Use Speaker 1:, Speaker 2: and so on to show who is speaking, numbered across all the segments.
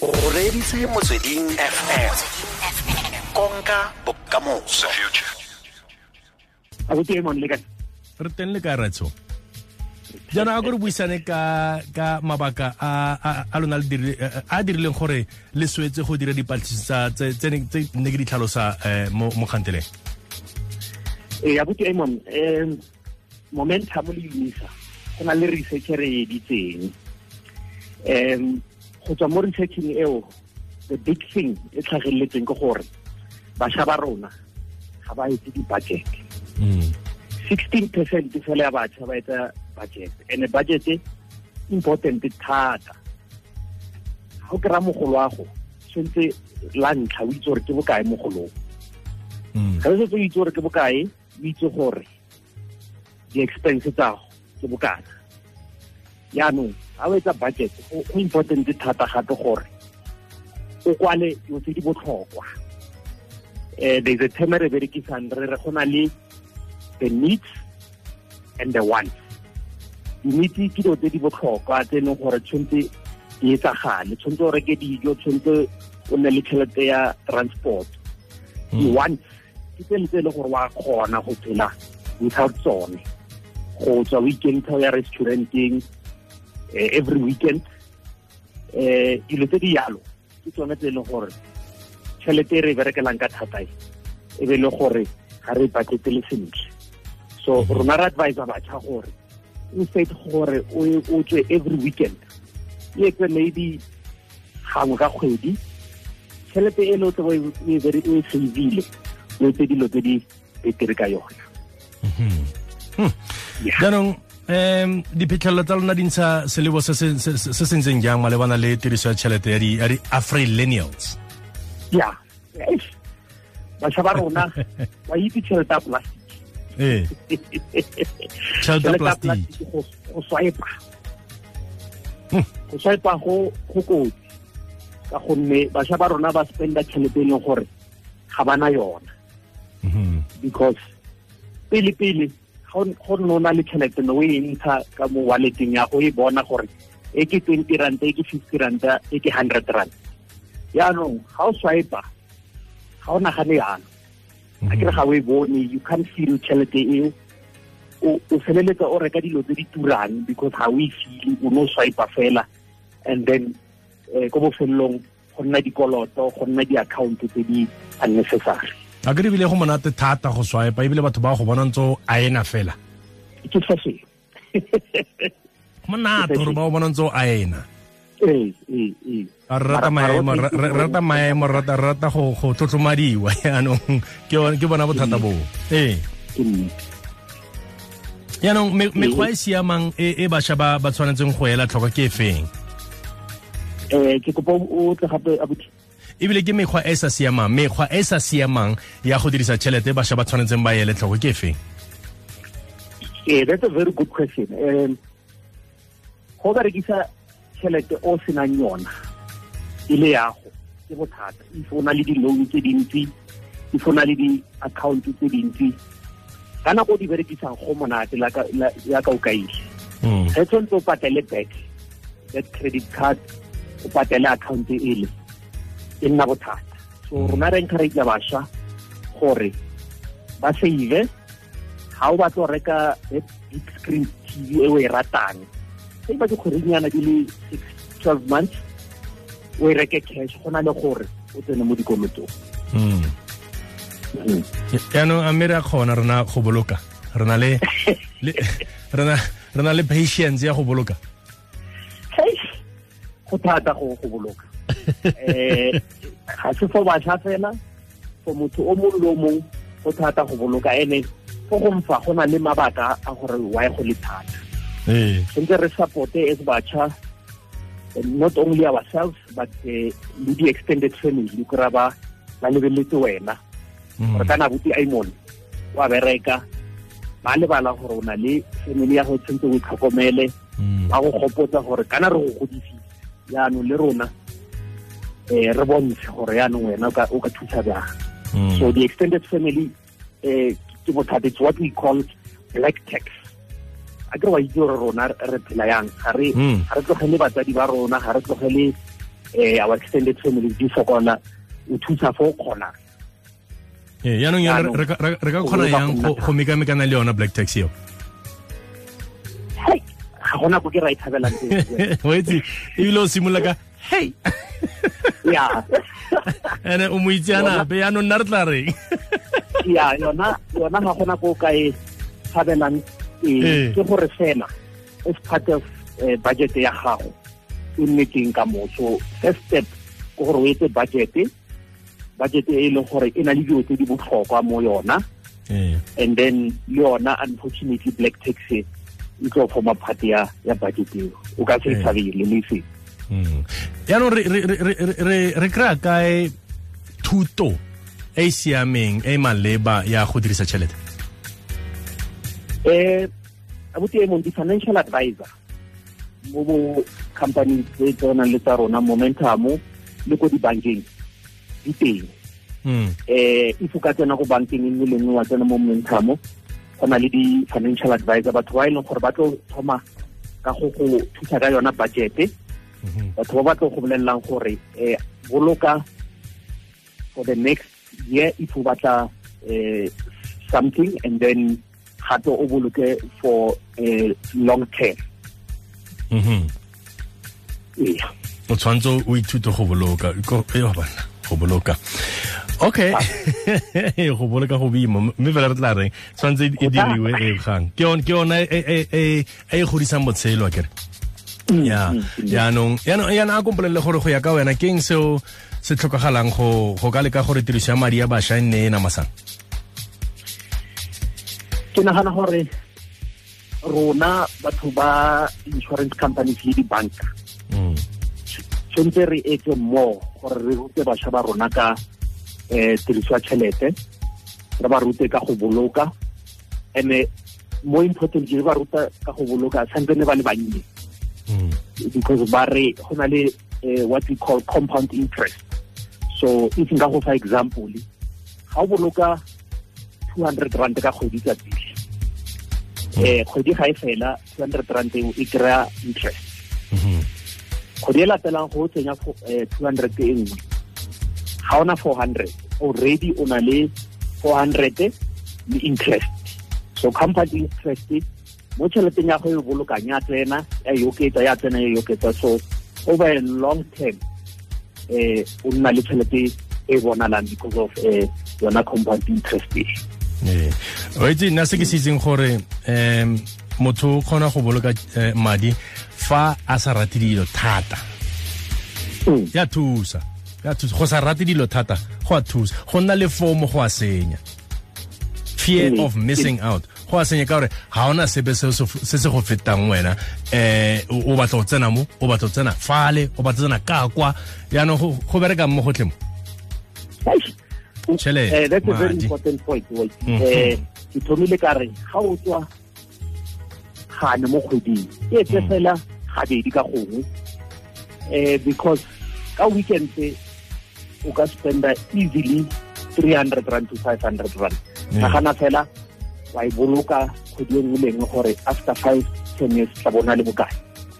Speaker 1: o reditse motsweding fm konka bokamoso re
Speaker 2: teng le ka ratso jaanong a ko buisane ka ka mabaka a a lona a dirileng gore le swetse go dira dipatlisiso tse ne ke di tlhalosa eh, mo kganteleng
Speaker 1: ee eh, abuti amon um momentum le unisa go na le research e re editseng um go tswa mo researcheng eo the big thing e tlhageletseng ke gore bašwa ba rona ga ba etse di-budget hmm. sixteen percent fela ya bašwa ba etsa budget and budget e important thata go kry-a mogolo wago tshwanetse la ntlha o itse gore ke bokae mogolong hmm. ga re setse o itse gore ke bokae o itse gore di-expense tsago ke bokana yaanong ga o etsa budget go important thata gape gore o kwale dilo tse di botlhokwa um there's a term re berekisang re re go le the needs and the wants dinitse ke dilo tse di botlhokwa tse e leng gore tshwanetse di etsagale tshwanetse o reke dijo tshwanetse o nne le tšhelete ya transport di-wants hmm. ke tsele tse e leng gore wa kgona go phela without tsone go tswa o ikentsha o ya restauranteng every weekend eh dilo tse di yalo ke tsone tse e leng gore tšhelete e re berekelang ka thatae e be le gore ga re budgete le sentle so rona re advisor batjha gore instead gore o tswe every weekend e tswe maybe gangwe ka kgwedi tšhelete e le o tlebo o e savile o etse dilo tse di betere ka yona
Speaker 2: mm-hmm. hmm. jaanong um diphitlhelelo tsa lona di ntsha selebo se se ntseng jang malebana le tiriso ya tšhelete ya di-afrilenials
Speaker 1: ya bašwa ba rona wa itse tšhelete ya plastic eh. tšhelete ya plastic go swipa go swipa hmm. go kotsi ka gonne bašwa ba rona ba spenda tšhelete e leng gore ga bana yona mm-hmm. because pele pele go nne o na le tšhelete no o e ntsha ka mo walleteng ya go e bona gore e ke twenty ranta e ke fifty ranta e ke hundred rand yaanong ga o swipa ga o nagane yalo a kere mhm. ga o e bone you can't feel tšhelete eo o feleletsa o reka dilo tse di turang because ga o e feel o ne o swipa fela and then um ko bofelelong go nna dikoloto go nna di-account tse di unnecessary
Speaker 2: a ke bile go monate thata go swipe ebile batho ba go bona ntse a ena fela ke monate gore ba go bona ntse a ena
Speaker 1: rata
Speaker 2: maemo rata rata rata go go tlotlomadiwa yaanong ke bona bothata ee. boo ee yaanong ee. mekgwa e siamang e, e bašwa ba tshwanetseng go ela tlhoka ke e feng
Speaker 1: um ee, ke kopa o tle gape
Speaker 2: ebile ke mekgwa e sa siamang mekgwa e sa siamang ya go dirisa tšhelete bašwa ba tshwanetseng ba e ele tlhogo ke feng
Speaker 1: ee eh, that's a very good question um go berekisa tšhelete o senang yona e le yago ke bothata if o na le di-loan tse dintsi if o na le di-account tse dintsi ka nako o di berekisang go monate yaka o kaile ge hmm. tshwanetse o patele back that credit card o patele account e le e nna bothata so mm. rona re encourage bašwa gore ba save ga o batla go reka big screen tv e o e ratang e ba dikgwedinyana di le six twelve months o e reke cash go na le gore o tsene mo dikolotong
Speaker 2: yaanong mm. mm. a mme re a kgona rena go boloka re na le patience ya go boloka
Speaker 1: go thata go boloka eh ga se fo bašwa fela for motho o mongwe le o mongwe o thata go boloka ene fo go mfa go na le mabaka a gore why e go le thata sentse eh. re supporte as bašwa not only ourselves but eh, le di-extended family kry-a ba ba lebeletse wena gore mm. kana buti aimon wa bereka ba lebala gore o na le family ya go tshwanetse e o itlhokomele mm. ba go gopotsa gore kana re go godisitse yaanong le rona eh re bontshe gore yaanong wena o ka thusa jang mm. so the extended family eh ke bothata what we call black tax a kere wa itse rona re phela yang ga mm. re tlogele batsadi ba rona ga re tlogele eh our extended family di sokola o thusa fo o kgonang
Speaker 2: eh, ee yaanong re ka kgona yang go mekamekana le yona black tax eo ga gona go ke ra e thabelang tse ebile o simolola ka hey
Speaker 1: ya
Speaker 2: ene o mo itseanape yaanong nna re tla reng
Speaker 1: ya yona yona ga gona ko ka e tshabelang ee, ee. ke gore fela as part of eh, budget ya gago e nne ka moo so first step ke gore o etse budget budget e e leng gore e na le dilo tse di botlhokwa mo yona ee. and then le yona unfortunately black tax e tlo forma party ya ya budget eo o ka se e tshabele le seng
Speaker 2: hmm yaanong re kry-a kae thuto e e siameng e e maleba ya go dirisa tšhelete
Speaker 1: um eh, abuti emong di-financial advisor mo bo company tse tsenang le tsa rona momentumo le ko dibankeng di teng um if o ka tsena go bankeng e nne le nngwe wa tsena mo momentumo go na le di-financial advisor batho ba e leng gore ba tlo thoma ka go go thusa ka yona budgete Mhm. batho ba batlo go bolelelang gore um boloka for the next year if o batla um something and then gato o boloke for a eh, long term
Speaker 2: mhm. o tshwanetse o ithute go boloka bana go boloka okay ah. go boloka go boima mme fela re tla reng tshwanetse e diriwe e gang ke yone e e, e, e godisang botshelo kere Mm, ya mm, mm. ya no ya no gore go ya ka wena ke eng seo se tlhokagalang go go ka se gore jocale ya madi ya María, e en e namasang
Speaker 1: ke nagana gore rona batho ba insurance companies le dibanka tshwanetse re etse mo, gore re rute bašwa ba rona ka um eh, tiriso ya tšhelete re ba rute ka go boloka and mo, more important ba ruta ka go boloka santse ne ba le bannye Mm. because ba re go na le eh, what we call compound interest so if nka go fa example ga o boloka 200 rand ka kgwedi tsa pele mm. eh kgwedi ga e fela 200 rand eo e kry-a interest mm-hmm. kgwedi e latelang go o tsenya eh, 200 e nngwe ga ona 400 already o na le 400 le interest so compound interest mo tšheleteng ya go e bolokang ya tsena ya yoketsa ya tsena ya e so over a long term eh o nna le tšhelete e bonalang because of eh yona compound interest e.
Speaker 2: eh o itse nna se ke se itseng gore um motho o kgona go boloka eh, madi fa a sa rate dilo thata hmm. ya thusa ya thusa go sa rate dilo thata go a thusa go nna le fomo go a senya fear hmm. of missing out go a senya ka gore ga ona sebe se se go fetang wena eh o batla go tsena mo o batla go tsena fale o batla tsena ka kwa yaanong go bereka mo gotlhe mo that's a very
Speaker 1: important point wait ke thomile ka re ga o tswa gane mo kgweding e tse fela gabedi ka gongwe um because ka weekend se o ka spenda easily 300 rand to 500 rand nagana fela wa e boloka kgwedi e nngwe gore after five ten years tla bona le bokae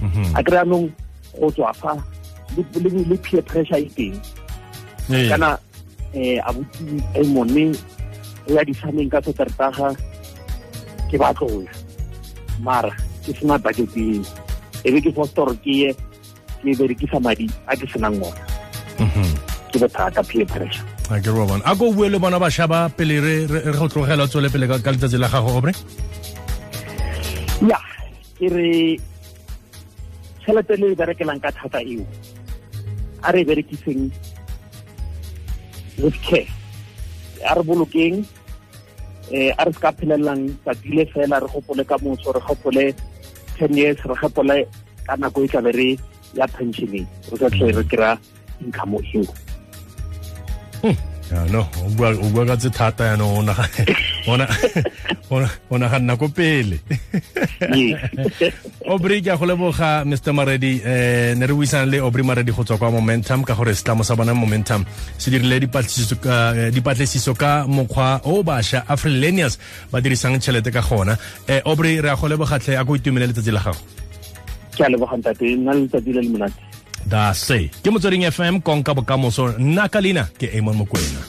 Speaker 1: mhm. a kry anong go tswa fa le peer pressure e teng ee. kana um eh, abuti e mone o ya disameng ka tsoteretaga ke batlola mara ke sena budget e be ke fostore ke ye ke berekisa madi a ke senang ona mhm. ke bothata peer pressure
Speaker 2: a ke re bona a go bue le bona ba shaba pele re re go tlogela tsole pele ka letsatsi la gago gobre
Speaker 1: ya ke re tšhelete le e berekelang ka thata eo a re berekiseng with care a re bolokeng eh a re ska phelelang tsatsi le fela re gopole ka moso re gopole ten years re gopole ka nako e tlabe re ya pensioneng re sa tlhe re kry-a income eo
Speaker 2: no o bua ka tse thata yaanong o naganna ko pele obry ke a go leboga mr maredi um ne re buisang le obry maredi go tswa kwa momentum ka gore setlamo sa bona momentum se dirile dipatlisiso ka eh, mokgwa o bašwa afrilenius ba dirisang tšhelete ka gona um eh, obry re a go lebogatlhe a ko itumele letsatsi la gago
Speaker 1: ke a lebogantate nna le letsatsi le le monate da
Speaker 2: se ke motsweding fm konka bokamoso nna ka leina ke amon mokwena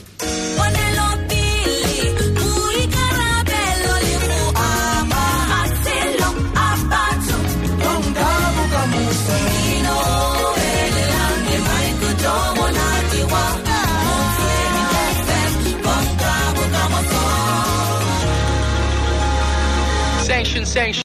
Speaker 2: Sanction, sanction.